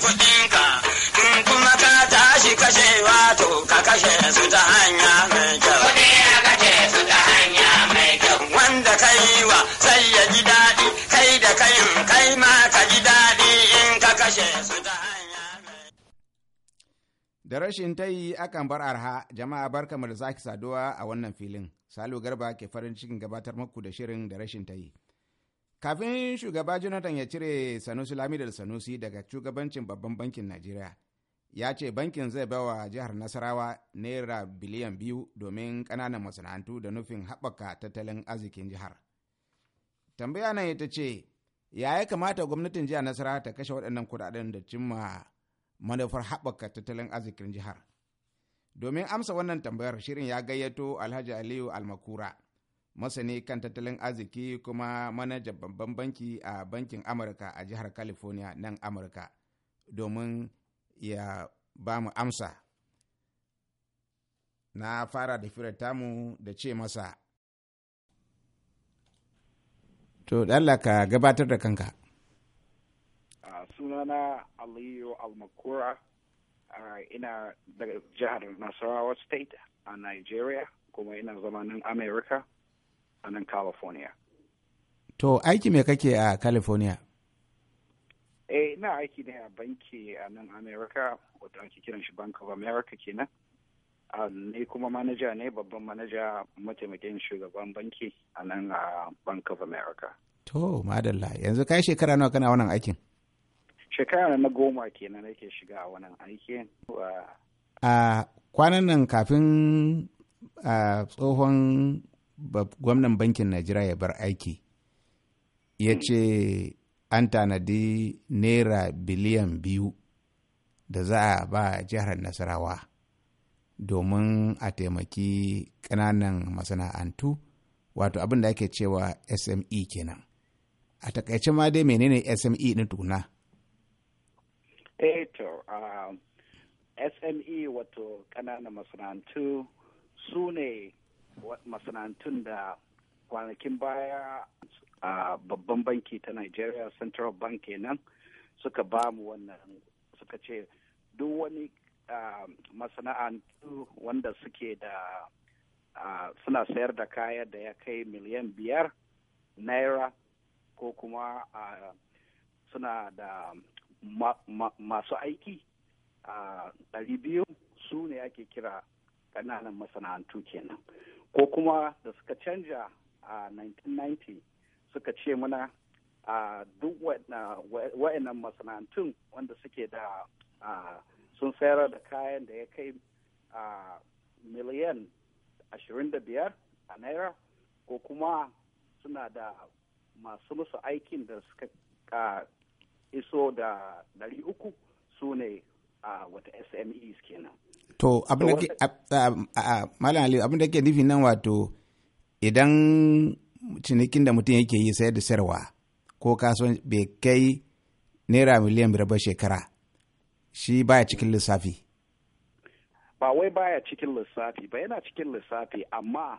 sami in kuma ka tashi kashe wato ka kashe su ta hanya mai kyau. Wanda ka yi wa sai ya ji daɗi kai da kayin kai ma ka ji daɗi in ka kashe su ta hanya mai Da rashin ta yi akan bar arha jama'a barkamu da sake saduwa a wannan filin. Salu Garba ke farin cikin gabatar muku da shirin da rashin ta yi. Kafin shugaba Jonathan ya cire Sanusi Lamidar Sanusi daga shugabancin babban bankin Najeriya, ya ce bankin zai bawa jihar Nasarawa naira biliyan biyu domin ƙananan masana'antu da nufin haɓaka tattalin arzikin jihar. Tambaya nan ita ce, ya ya kamata gwamnatin jihar Nasarawa ta kashe waɗannan kuɗaɗen da cimma manufar haɓaka tattalin arzikin jihar? Domin amsa wannan tambayar shirin ya gayyato Alhaji Aliyu Almakura, masani kan tattalin arziki kuma manajan babban banki a bankin amurka a jihar california nan amurka domin ya ba mu amsa na fara da tamu da ce masa to dala ka gabatar da kanka uh, sunana aliyu almakura uh, ina daga jihar nasarawa state a nigeria kuma ina zama nan a nan california to aiki me kake a california eh na aiki ne a banki a nan america wadda ake kiran shi bank of america kenan ne kuma manaja ne babban manaja mataimakin shugaban banki a nan a bank of america to madalla yanzu kai shekara nawa kana wannan aikin shekara na goma kenan nake shiga a wannan aikin a kwanan nan kafin tsohon gwamnan bankin najeriya ya bar aiki ya ce an tanadi naira biliyan biyu da za a ba jihar nasarawa domin a taimaki ƙananan masana'antu wato abin da ake cewa sme kenan a takaice ma dai menene sme ɗin tuna eto eh, um, sme wato ƙananan masana'antu su ne masana'antun da kwanakin baya a babban banki ta Nigeria Central Bank kenan suka ba mu wannan suka ce duk wani masana'antu wanda suke da suna sayar da kaya da ya kai miliyan biyar naira ko kuma suna da masu aiki a ɗari biyu su ne ake kira ƙananan masana'antu kenan ko kuma da suka canja a 1990 suka ce mana a duk wa'annan masana'antun wanda suke da sun sayar da kayan da ya kai miliyan 25 a naira ko kuma suna da masu musu aikin da suka iso da 300 su ne a wata SMEs kenan. To abin da ke abin da ke nufi nan wato idan cinikin da mutum yake yi sai da sayarwa ko kasuwan bai kai naira miliyan biyar ba shekara shi baya cikin lissafi. Ba wai baya cikin lissafi ba yana cikin lissafi amma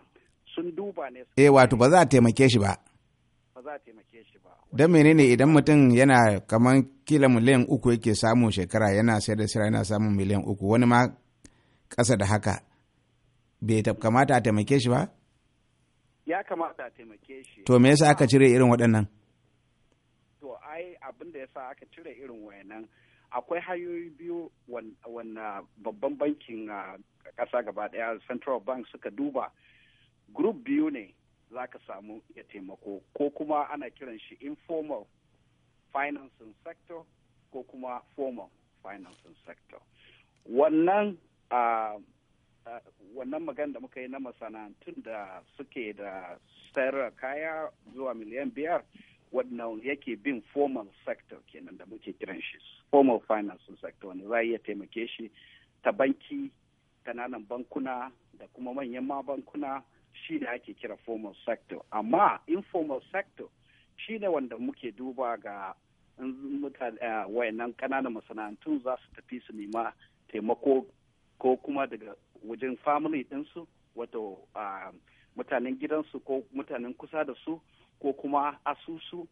sun duba ne. Eh wato ba za a taimake shi ba. ba za a taimake shi ba. Don menene idan mutum yana kamar kila miliyan uku yake samu shekara yana sayar da sira yana samun miliyan uku wani ma ƙasa da haka bai kamata a taimake shi ba? Ya kamata a taimake shi. To me yasa aka cire irin waɗannan? To ai abin da yasa aka cire irin wayannan akwai hanyoyi biyu wanda babban bankin ah, ƙasa gaba ɗaya Central Bank suka duba. Group biyu ne za ka samu ya taimako ko kuma ana kiran shi informal financing sector ko kuma formal financing sector wannan uh, uh, wannan magana da muka yi na masana'antun da suke da sayar kaya zuwa miliyan biyar wannan yake bin formal sector kenan da muke kiran shi formal financing sector wanda za a iya taimake shi ta banki kananan bankuna da kuma manyan ma bankuna shi da ake kira formal sector amma informal sector shi ne wanda muke duba ga eh, wayannan ƙananan masana'antun za su tafi su nema taimako ko kuma daga wajen family ɗinsu wato ah, mutanen gidansu ko mutanen kusa da su ko kuma asusu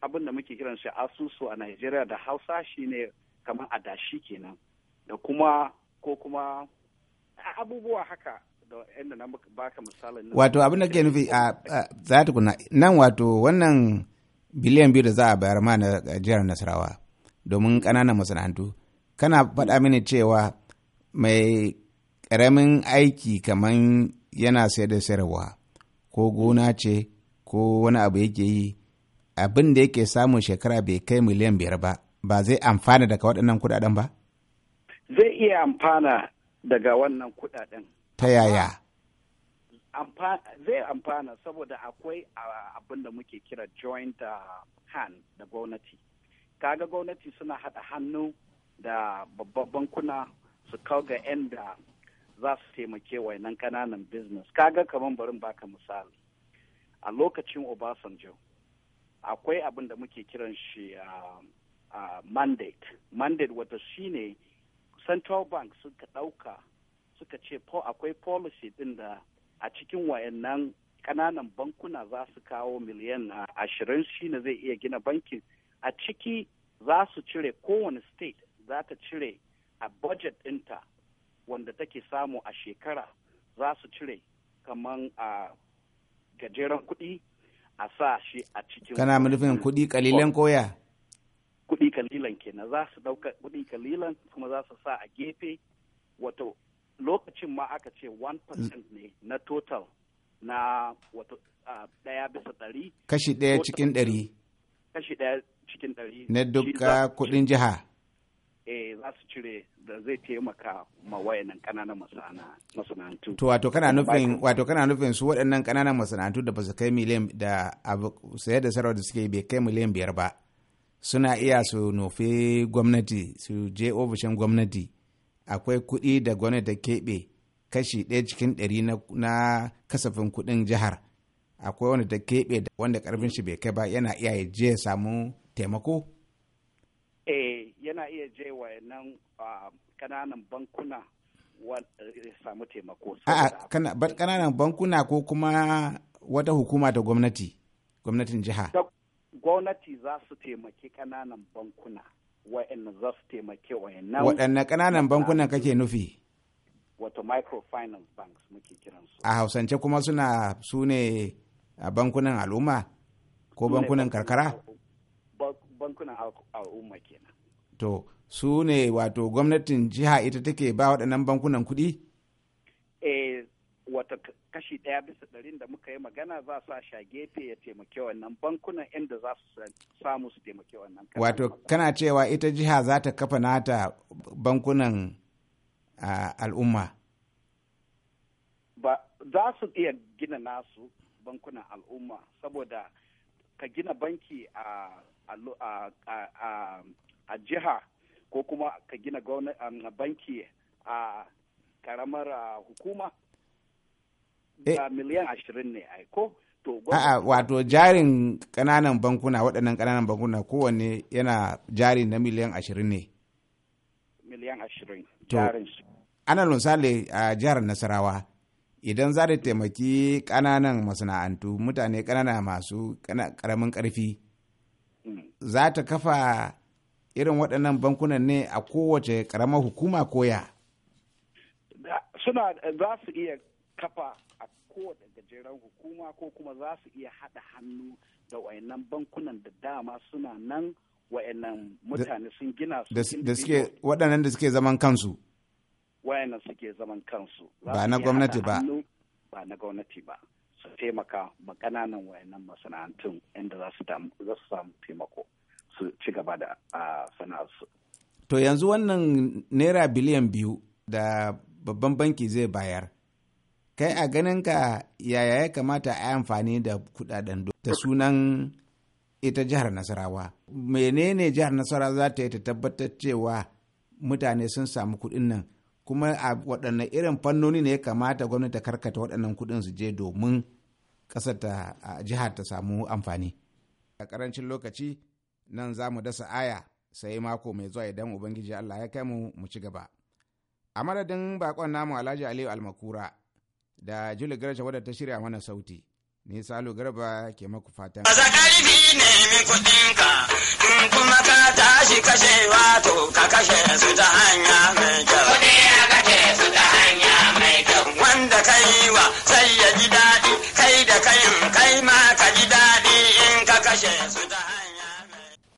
abin da muke kiran shi asusu a Najeriya da Hausa shine kamar adashi kenan da kuma ko kuma abubuwa haka wato abin da ke nufi a za ta kuna nan wato wannan biliyan biyu da za a bayar ma na jihar nasarawa domin ƙananan masana'antu kana faɗa mini cewa mai ƙaramin aiki kamar yana sayar da sayarwa ko gona ce ko wani abu yake yi abin da yake samun shekara bai kai miliyan biyar ba ba zai amfana daga waɗannan kuɗaɗen ba? Zai iya amfana daga wannan kuɗaɗen ta yaya zai amfana saboda akwai abin da muke kira joint uh, hand da gwamnati kaga gwamnati suna haɗa hannu da babban bankuna su kawo ga 'yan da za su taimake nan kananan business kaga kamar barin baka misali a lokacin obasanjo akwai abin da muke kiran shi uh, uh, mandate mandate wata shine central bank suka ɗauka suka ce akwai policy din da a cikin wayannan kananan bankuna za su kawo miliyan ah, ashirin shi ne zai iya gina bankin a ciki za su cire kowane state za ta cire a budget ɗinta wanda take samu a shekara za su cire kaman a ah, gajeren kuɗi a sa shi a cikin kana manufin kuɗi kalilan koya kuɗi kalilan kenan za su ɗauka kuɗi kalilan kuma za su sa a gefe wato lokacin ma aka ce 1% ne na total na wato daya bisa dari kashi daya cikin dari kashi daya cikin dari na duka kudin jiha eh za su cire da zai taimaka ma wayannan kananan masana'antu to wato kana nufin wato kana nufin su waɗannan kananan masana'antu da ba su kai miliyan da abu saye da sarwa da suke bai kai miliyan biyar ba suna iya su nufi gwamnati su je ofishin gwamnati akwai kuɗi da gwamnati da keɓe kashi ɗaya cikin ɗari na kasafin kuɗin jihar akwai wanda ta keɓe wanda ƙarfin shi bai kai ba yana iya ya je samu taimako? Eh yana iya je wa nan ƙananan bankuna samu taimako. A kananan bankuna ko kuma wata hukuma da gwamnati, gwamnatin jiha. Gwamnati za su taimaki ƙananan bankuna. wa'anda za su taimake wa'annan waɗanne ƙananan bankunan kake nufi wato microfinance banks muke kiransu a hausance kuma suna su ne bankunan al'umma ko bankunan karkara bankunan al'umma kenan to su ne wato gwamnatin jiha ita take ba waɗannan bankunan kuɗi? eh wata kashi ɗaya bisa ɗarin da muka yi magana za su a sha gefe ya taimake wannan bankunan inda za su samu su taimake wannan wato kana cewa ita jiha za ta kafa nata bankunan al'umma ba za su iya gina nasu bankunan al'umma saboda ka gina banki a a jiha ko kuma ka gina um, banki a karamar hukuma Eh. miliyan ashirin ne aiko to a'a wato jarin kananan bankuna waɗannan kananan bankuna kowanne yana jari na miliyan ashirin ne miliyan ashirin jarin ana misali a jihar nasarawa idan za da taimaki kananan masana'antu mutane kanana masu karamin karfi mm. za ta kafa irin waɗannan bankunan ne a kowace karamar hukuma koya suna za su iya kafa a kowace gajeren hukuma ko kuma za su iya haɗa hannu da wayannan bankunan da dama suna nan wayannan mutane sun gina su da suke waɗannan da suke zaman kansu wayannan suke zaman kansu ba na gwamnati ba ba na gwamnati ba su taimaka makananan ƙananan wayannan masana'antun inda za su samu taimako su ci gaba da sana'arsu to yanzu wannan naira biliyan biyu da babban banki zai bayar kai a ganinka yaya ya kamata a yi amfani da kudaden da sunan ita jihar nasarawa menene jihar nasarawa za ta yi ta tabbatar cewa mutane sun samu kuɗin nan kuma a waɗanne irin fannoni ne ya kamata gwamnati ta karkata waɗannan kuɗin su je domin ƙasar ta jihar ta samu amfani a ƙarancin lokaci nan za mu dasa aya sai mako mai zuwa idan ubangiji allah ya kai mu mu ci gaba a madadin bakon namu alhaji aliyu almakura da Juli Garja wadda ta shirya mana sauti. Ni Salu Garba ke maku fatan. Ba ne nemi kuɗinka, in kuma ka tashi kashe wato ka kashe su ta hanya mai kyau. Kuɗi ya kashe su ta hanya mai kyau. Wanda ka yi wa sai ya ji daɗi, kai da kayin kai ma ka ji daɗi in ka kashe su ta hanya.